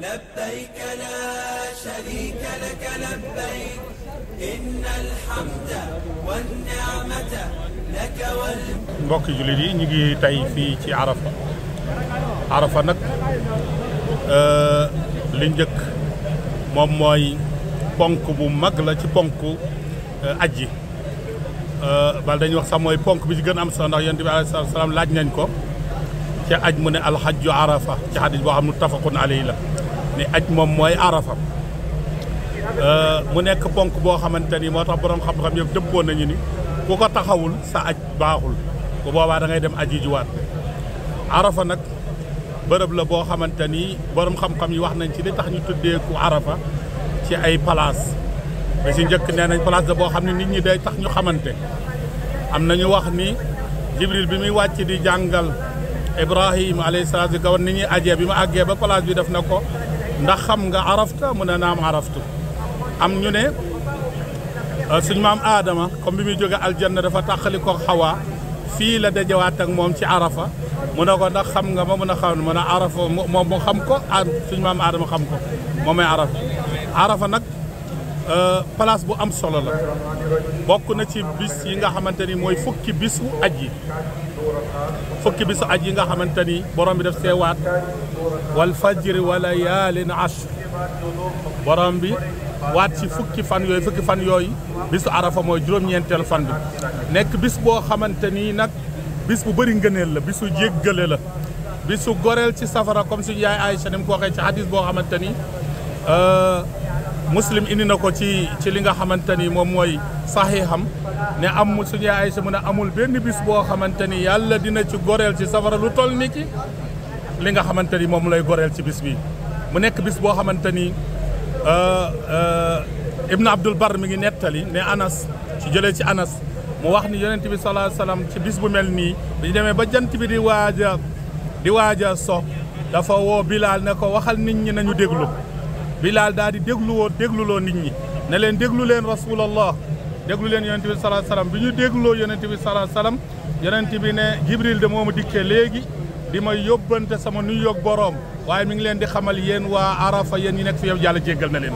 لبيك لا شريك لك لبيك إن الحمد والنعمة لك وال مبوك جولي نيجي تاي في تي عرفة عرفة نك آه، لنجك موم بونكو بو ماغ تي بونكو ادجي آه، ا آه، بال داني واخ سا موي بونكو بي جي گن ام سو ca aj mu ne alxajju arafa ci xadis boo xam ne tafaqun alayhi la ni aj moom mooy arafa mu nekk ponk boo xamante ni moo tax borom xam-xam yëpp dëppoo nañu ni ku ko taxawul sa aj baaxul bu boobaa da dem aji juwaat arafa nag bërëb la boo xamante ni borom xam-xam yi wax nañ ci li tax ñu tuddee ku arafa ci ay place ma si njëkk nee nañ place la boo xam ne nit ñi day tax ñu xamante am nañu wax ni jibril bi muy wàcc di jàngal Ibrahima alayhi salaatu bi kawan ni ñuy ajee bi ma àggee ba place bi def na ko ndax xam nga arafta mu ne naam araftu am ñu ne suñ maam aadama comme bi muy jóge aljanna dafa tàqali ko xawaa fii la dajawaat ak moom ci arafa mu ne ko ndax xam nga ma mun a xam mu ne arafa moom mu xam ko suñ maam aadama xam ko moom mooy arafa arafa nag Euh, place bu am solo la bokk na ci bis yi nga xamante ni mooy fukki bisu aj yi fukki bisu aj yi nga xamante ni borom bi daf seewaat wal fajri wa layaalin ashr borom bi waat ci fukki fan yooyu fukki fan yooyu bisu arafa mooy juróom-ñeenteel fan bi nekk bis boo xamante ni nag bis bu bëri ngëneel la bisu jéggale la bis bisu goreel ci safara comme suñu yaay Aïcha ni mu ko ci hadis boo xamante ni euh, muslim indi na ko ci ci li nga xamante ni moom mooy saxiixam ne am suñu Aysa mu ne amul benn bis boo xamante ni yàlla dina ci goreel ci safara lu toll niki ki li nga xamante ni moom lay goreel ci bis bi mu nekk bis boo xamante ni euh, euh, Ibn Abdul Bar mi ngi nettali ne Anas ci jëlee ci Anas mu wax ni yonent bi sallallahu alayhi wasallam ci bis bu mel nii dañu demee ba jant bi di waaja di waaj so dafa woo Bilaal ne ko waxal nit ñi nañu déglu Bilaal daal di dégluwoo dégluloo nit ñi ne leen déglu leen rasulallah déglu leen yonente bi salaa salaam bi ñu dégloo yonente bi salaa salaam yonente bi ne Jibril de moomu dikkee léegi di may yóbbante sama nuyoog borom waaye mi ngi leen di xamal yéen waa Arafa yéen ñi nekk fi yow yàlla jéggal na leen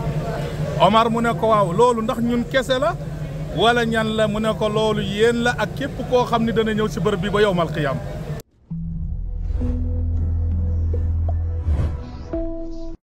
Omar mu ne ko waaw loolu ndax ñun kese la wala ñan la mu ne ko loolu yéen la ak képp koo xam ni dana ñëw si bërëb bi ba yowmal qiyaam